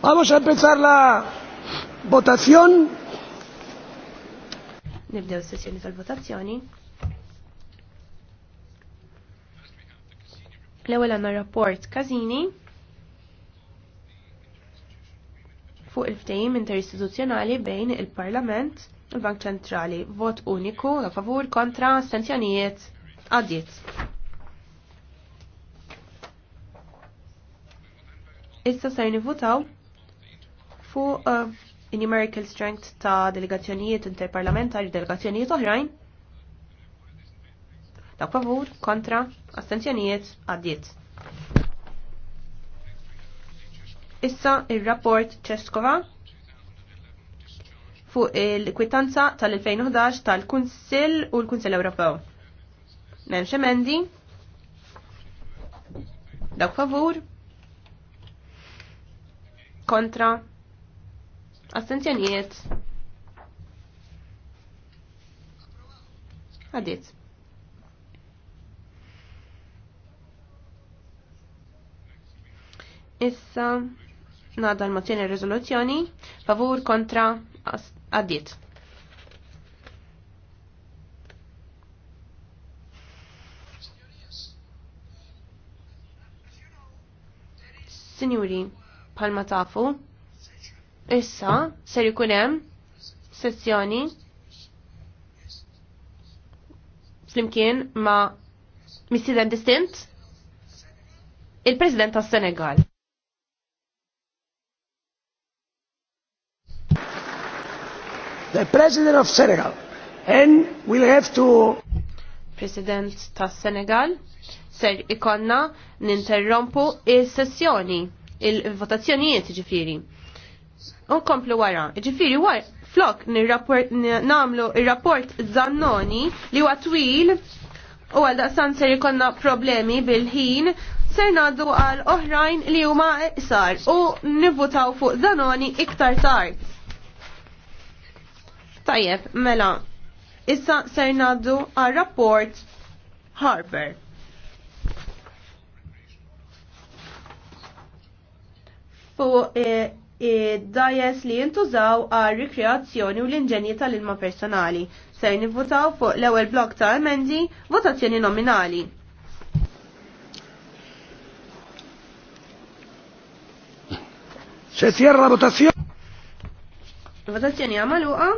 Vamos a empezar la votación. Nibdew sessjoni tal-votazzjoni. L-ewwel għandna rapport Casini fuq il-ftehim interistituzzjonali bejn il-Parlament u l-Bank Ċentrali. Vot uniku a favur kontra astenzjonijiet għaddiet. Issa ser nivutaw fuq uh, numerical strength ta' delegazzjonijiet interparlamentari delegazzjonijiet oħrajn. Dak favur, kontra, astenzjonijiet, għaddiet. Issa il-rapport Ceskova fuq il-kwitanza tal-2011 tal-Kunsill u l-Kunsill Ewropew. Memx emendi. Dak favur. Kontra. Astenzjonijiet. Għadiet. Issa nada l-mozzjoni r-riżoluzzjoni e favur kontra għadiet. Signori, palma tafu. Issa ser ikun hemm sezzjoni flimkien ma' Missiden Distint il-President tas-Senegal. the President of Senegal and we'll have to President ta' Senegal ser ikonna ninterrompu il-sessjoni il-votazzjonijiet ġifiri unkomplu wara. Ġifiri war, flok namlu il-rapport Zannoni li huwa twil u għal daqsan ser ikonna problemi bil-ħin ser naddu għal oħrajn li huma iqsar u nivutaw fuq Zannoni iktar tard. Tajjeb, mela, issa ser naddu għal rapport Harper. Fuq eh, dajes li jintużaw għal rikreazzjoni u l-inġenji tal-ilma personali. se nivvotaw fuq l-ewwel blok ta' emendi votazzjoni nominali. Se sierra votazzjoni. Votazzjoni għamaluqa.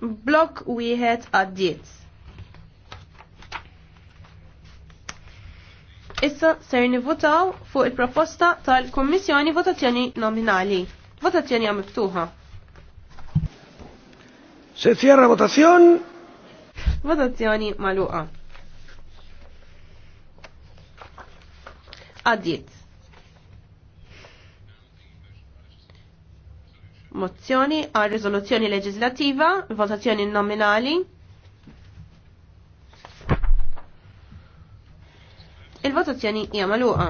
Blok wieħed għaddiet. Issa ser nivvotaw fuq il-proposta tal-Kommissjoni votazzjoni nominali. Votazzjoni għam miftuħa. Se tjera votazzjon. Votazzjoni maluqa. Għaddiet. Mozzjoni għal riżoluzzjoni leġislativa, votazzjoni nominali. Il-votazzjoni hija magħluqa.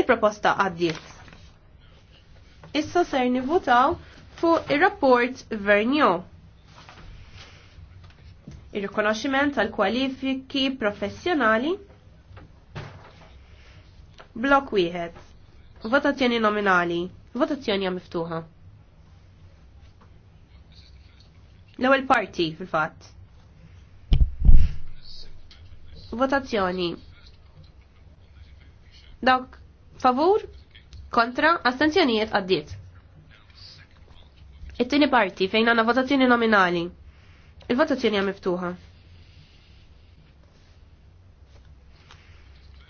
Il-proposta għaddiet. Issa ser nivvotaw fuq ir-rapport Vernio. Ir-rikonoxximent tal-kwalifiki professjonali Blok wieħed. Votazzjoni nominali. Votazzjoni hija miftuħa. L-ewwel parti fil-fatt. Votazzjoni. Dawk favur, kontra, astenzjonijiet għaddiet. It-tieni parti fejn għandna votazzjoni nominali. Il-votazzjoni għam miftuħa.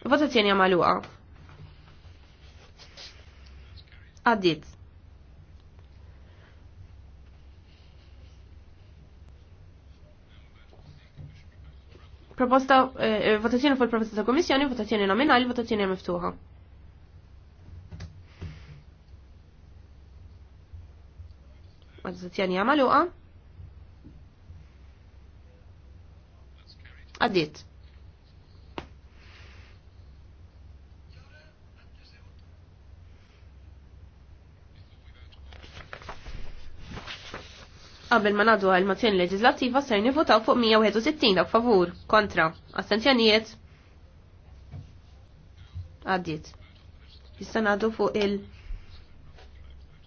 Votazzjoni għam magħluqa. Għaddiet. proposta, eh, votazzjoni fuq il-proposta ta' komissjoni, votazzjoni nominali, votazzjoni miftuħa. Votazzjoni għamaluqa. Għaddit. Qabel ma nadu għal mozzjoni leġislattiva ser nivotaw fuq 161 dak favur, kontra, astenzjonijiet. Għaddiet. Issa nagħdu fuq il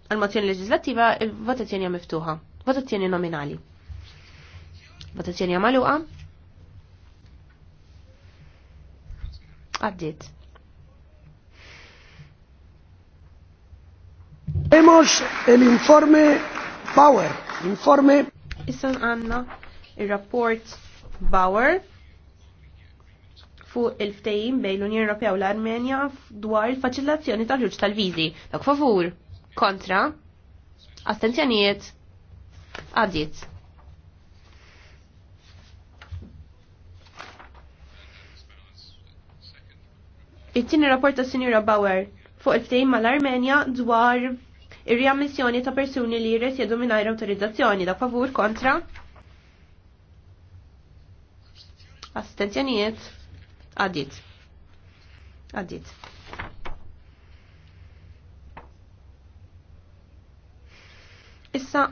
għal mozzjoni leġislattiva il-votazzjoni hija miftuħa. Votazzjoni nominali. Votazzjoni hija magħluqa. Għaddiet. Vemos informe Power. L-informe. Issan għanna il-rapport Bauer fuq il ftejn bejn l-Unjoni Ewropea u l-Armenja dwar il-faċillazzjoni tal-ħruġ tal-viżi. Dak favur, kontra, astenzjonijiet, għadiet. It-tieni rapport tas Sinjura Bauer fuq il-ftejim mal-Armenja dwar ir-riammissjoni ta' persuni li jirresjedu mingħajr awtorizzazzjoni da' favur kontra astenzjonijiet għaddit. Għaddit. Issa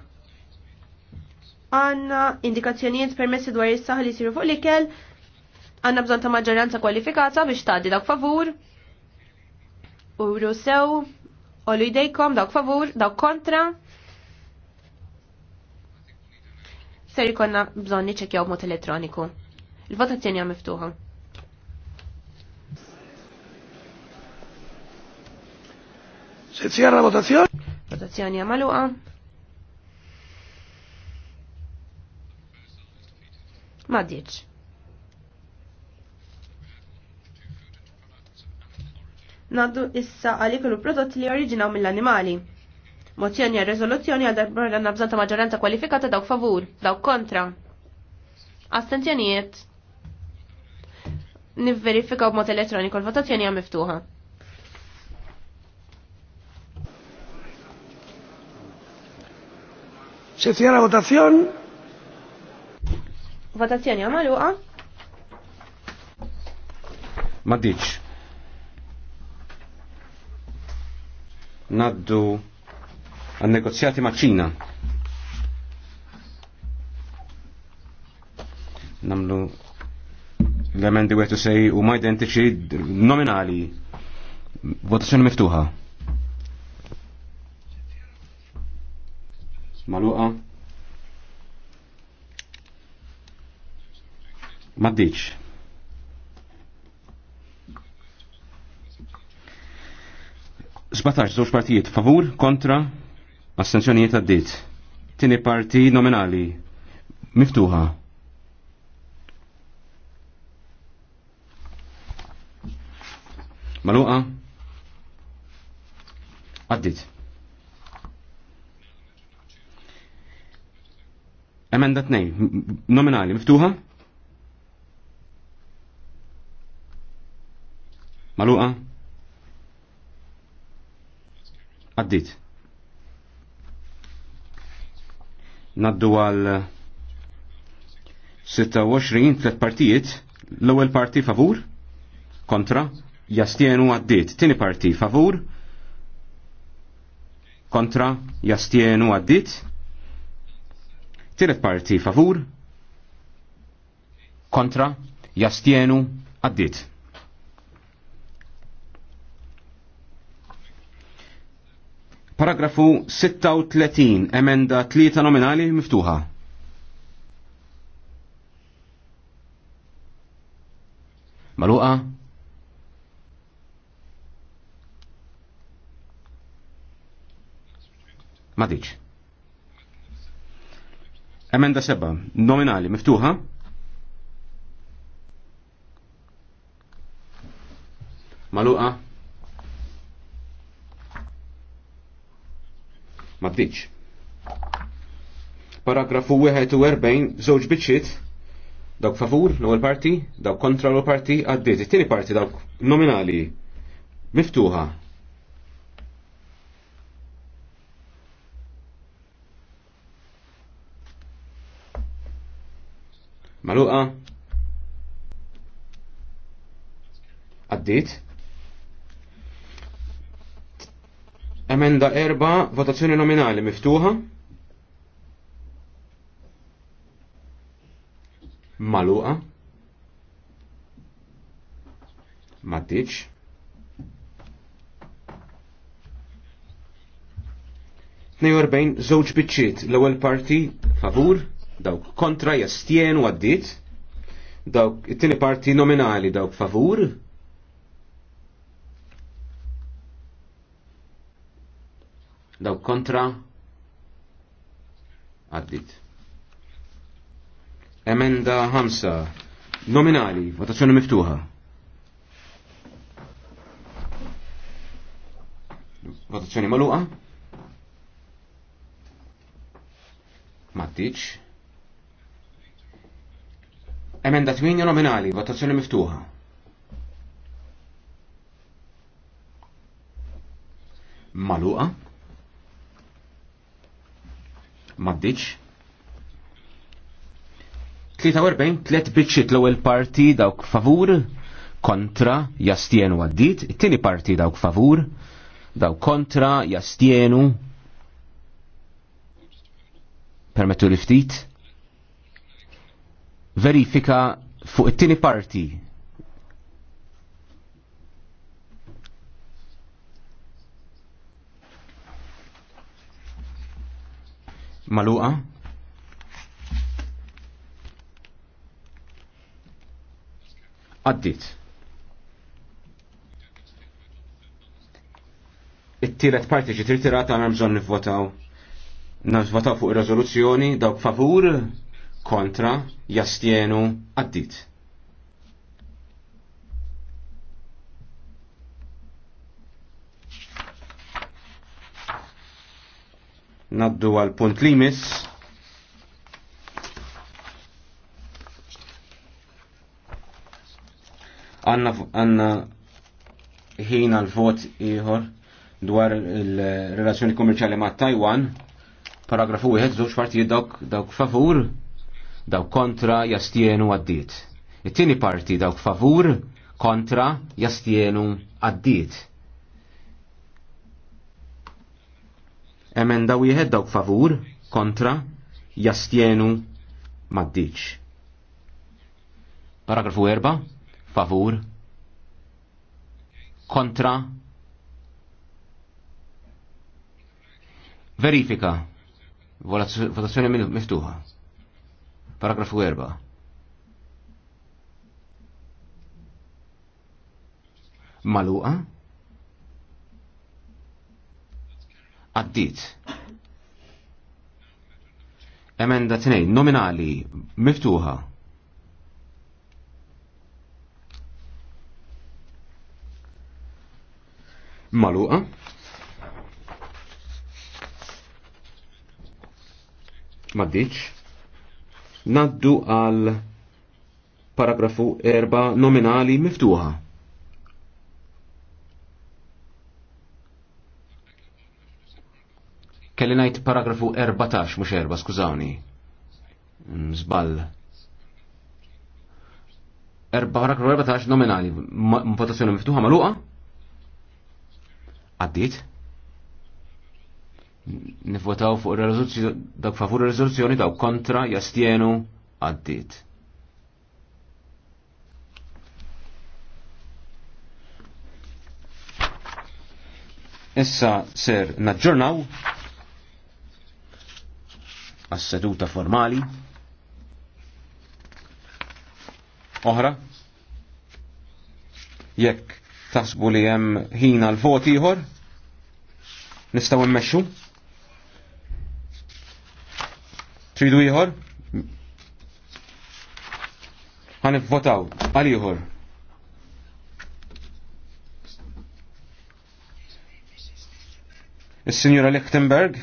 għanna indikazzjonijiet permessi dwar is-saħ li jsiru fuq l-ikel għanna bżon ta' maġġoranza kwalifikata biex tgħaddi dak favur u sew Ollu jdejkom, dawk favur, dawk kontra. Ser konna bżonni ċekjaw mod elettroniku. Il-votazzjoni għam miftuħa. Sezzjara votazzjoni? Votazzjoni għam maluqa. Ma diċ. Naddu issa għalikulu prodotti li oriġinaw mill-animali. Mozzjoni għal rezoluzzjoni għal darbar għanna bżanta maġġoranza kwalifikata dawk favur, dawk kontra. Astenzjonijiet. Nivverifika b'mod elettroniku l-votazzjoni għam miftuħa. Se cierra votazzjon. Votazzjoni għamaluqa. Ma diċ. naddu għan negozjati ma' ċina. Namlu l-emendi għetu sej u ma' identiċi nominali. Votazzjoni miftuħa. Maluqa. Maddiċ. 17 żewġ partijiet favur, kontra, astenzjonijiet għaddit. Tini parti nominali, miftuħa. Maluqa? Għaddit. Emenda 2, nominali, miftuħa? Maluqa? Għaddit. Naddu għal 26 tlet partijiet, l-ewwel parti favur, kontra, jastienu għaddit. Tini parti favur, kontra, jastienu għaddit. Tiret parti favur, kontra, jastienu għaddit. Paragrafu 36, emenda 3 nominali miftuħa. Maluqa? Madiċ. Emenda 7, nominali miftuħa. Maluqa? ma bdiċ. Paragrafu 41, żewġ biċċiet, dawk favur l-ewwel parti, dawk kontra l-ewwel parti għaddiet. It-tieni parti dawk nominali miftuħa. Maluqa? Għaddiet? Emenda erba, votazzjoni nominali miftuħa. Maluqa. Maddiċ. Nejorbejn żewġ biċċiet l-ewwel parti favur, dawk kontra jastien, għaddit, dawk it tini parti nominali dawk favur, daw kontra għaddit. Emenda 5. Nominali, votazzjoni miftuħa. Votazzjoni maluqa? Mattiċ. Emenda 8 nominali, votazzjoni miftuħa. Maluqa? maddiċ. 43 tlet biċċiet l-ewwel parti dawk favur kontra jastienu għaddit, it-tieni parti dawk favur, dawk kontra jastienu permettu li ftit verifika fuq it-tieni parti maluqa. Għaddit. It-tielet parti ġi tirtirata għandna bżonn nivvotaw. Nivvotaw fuq ir-riżoluzzjoni dawk favur, kontra, jastjenu, għaddit. naddu għal punt limis. Għanna għanna ħin għal vot ieħor dwar il-relazzjoni komerċali ma' Taiwan, paragrafu wieħed żewġ partijiet dawk dawk favur, dawk kontra jastienu għaddiet. It-tieni parti dawk favur, kontra jastienu għaddiet. Emenda wieħed dawk favur, kontra, jastjenu, maddiċ. Paragrafu 4, favur, kontra, verifika, votazzjoni miftuħa. Paragrafu 4. Maluqa? Għaddit. Emenda 2 nominali miftuħa. Maluqa. Maddiċ. Naddu għal paragrafu erba' nominali miftuħa. Kelli ngħid paragrafu 14 mhux erba' skużawni. Żball. Erba' paragrafu 14 nominali, votazzjoni miftuħa magħluqa? Għaddit. Nivvotaw fuq ir rezoluzzjoni dak favur ir-riżoluzzjoni daw kontra jastienu għaddit. Issa ser naġġornaw għas-seduta formali. Oħra? Jekk tasbu li hemm ħin għal vot ieħor? Nistgħu mmexxu? Tridu ieħor? votaw għal ieħor. Is-Sinjura Lichtenberg?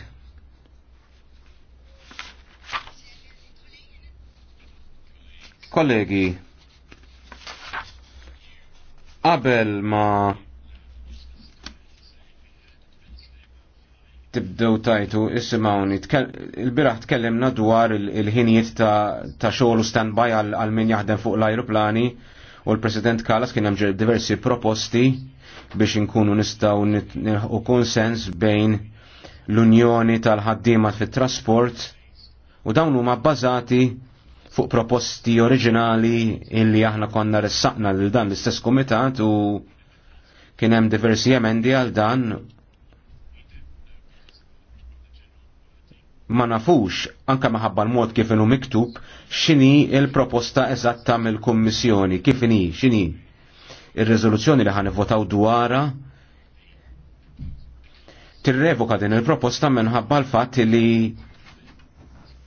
Kollegi, qabel ma tibdew tajtu issimawni, il-biraħ tkellimna dwar il-ħinijiet ta' xogħol u standby għal min jaħdem fuq l-ajruplani u l-President Kalas kien hemm diversi proposti biex inkunu nistgħu nilħu konsens bejn l-Unjoni tal-ħaddiema fit-trasport u dawn huma bbażati fuq proposti oriġinali illi aħna konna ressaqna lil dan l-istess kumitat u kien hemm diversi emendi għal dan ma nafux anka maħabba l-mod kif inhu miktub x'inhi il-proposta eżatta mill-Kummissjoni kif inhi x'inhi ir-riżoluzzjoni li ħan votaw dwara tirrevoka din il-proposta minħabba l-fatt li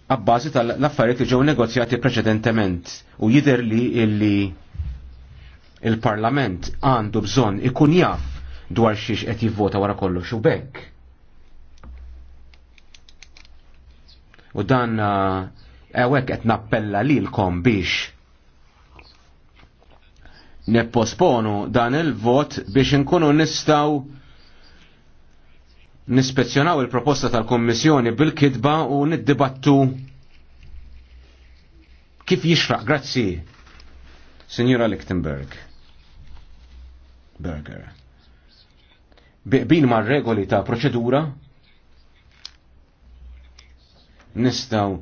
għabbażi tal-affarijiet li ġew negozjati preċedentement u jider li illi il-Parlament għandu bżonn ikun jaf dwar xiex qed jivvota wara kollox xu bekk. U dan eh, hekk qed nappella lilkom biex nepposponu dan il-vot biex inkunu nistaw nispezzjonaw il-proposta tal-Kommissjoni bil-kidba u niddibattu kif jixraq. Grazzi, Signora Lichtenberg. Berger. Biqbin ma' regoli ta' proċedura nistaw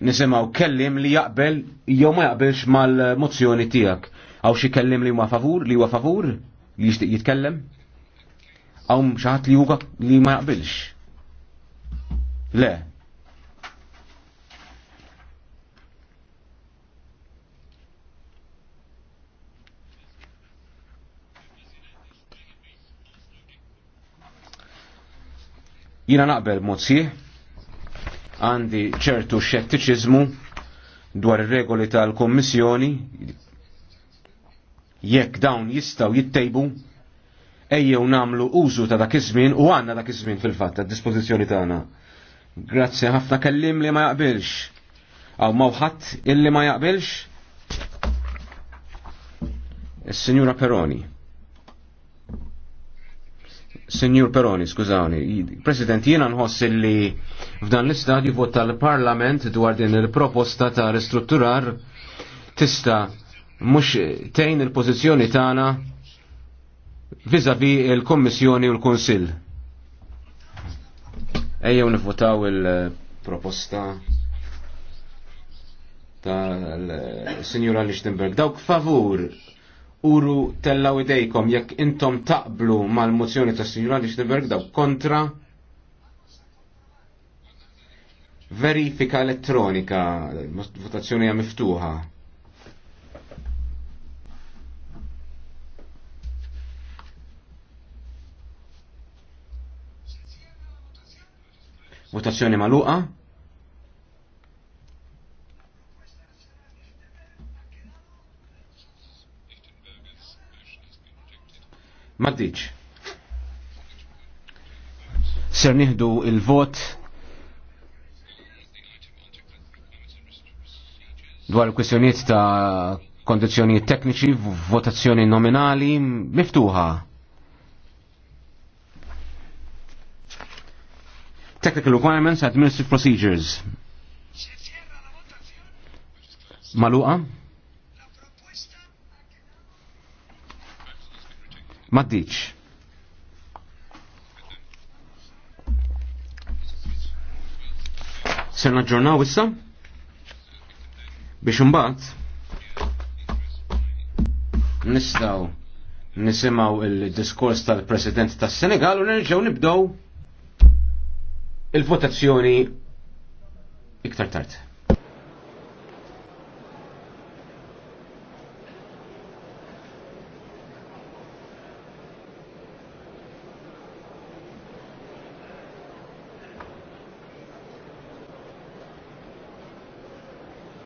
nisimaw kellim li jaqbel jew ma jaqbelx mal-mozzjoni tiegħek. Aw xi kellim li huwa favur, li huwa favur, li jixtieq jitkellem? għawm xaħat li juga li ma jaqbilx. Le. Jina naqbel mozzi, għandi ċertu xettiċizmu dwar regoli tal-Kommissjoni, jekk dawn jistaw jittejbu ejjew namlu użu ta' dak iż-żmien u għandna dak iż-żmien fil-fatt tad-dispożizzjoni tagħna. Grazzi ħafna kellim li ma jaqbilx. Aw mawħat illi ma jaqbilx? Is-Sinjura Peroni. Sinjur Peroni, skużawni, President, jiena nħoss li f'dan l-istadju vota tal-Parlament dwar din il-proposta ta' ristrutturar tista' mhux tejn il-pożizzjoni tagħna vizavi il-Kommissjoni u l-Konsil. Ejjew nifvotaw il-proposta tal-Sinjura Lichtenberg. Dawk favur uru tellaw idejkom jekk intom taqblu mal-mozzjoni ta' Sinjura Lichtenberg dawk kontra verifika elettronika, votazzjoni hija miftuħa. Votazzjoni maluqa. Maddiċ. Ser nieħdu il-vot dwar kwestjonijiet ta' kondizjonijiet tekniċi, votazzjoni nominali, miftuħa. Technical Requirements and Administrative Procedures. Maluqa? Maddiċ. Ser naġġornaw issa? Biex imbagħad nistgħu nisimgħu il-diskors tal-President tas-Senegal u nerġaw nibdew il-votazzjoni iktar tard.